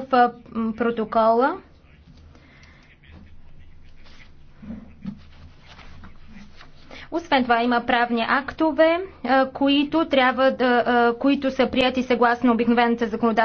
в протокола. Освен това има правни актове, които, трябва да, които са прияти съгласно обикновената законодателство.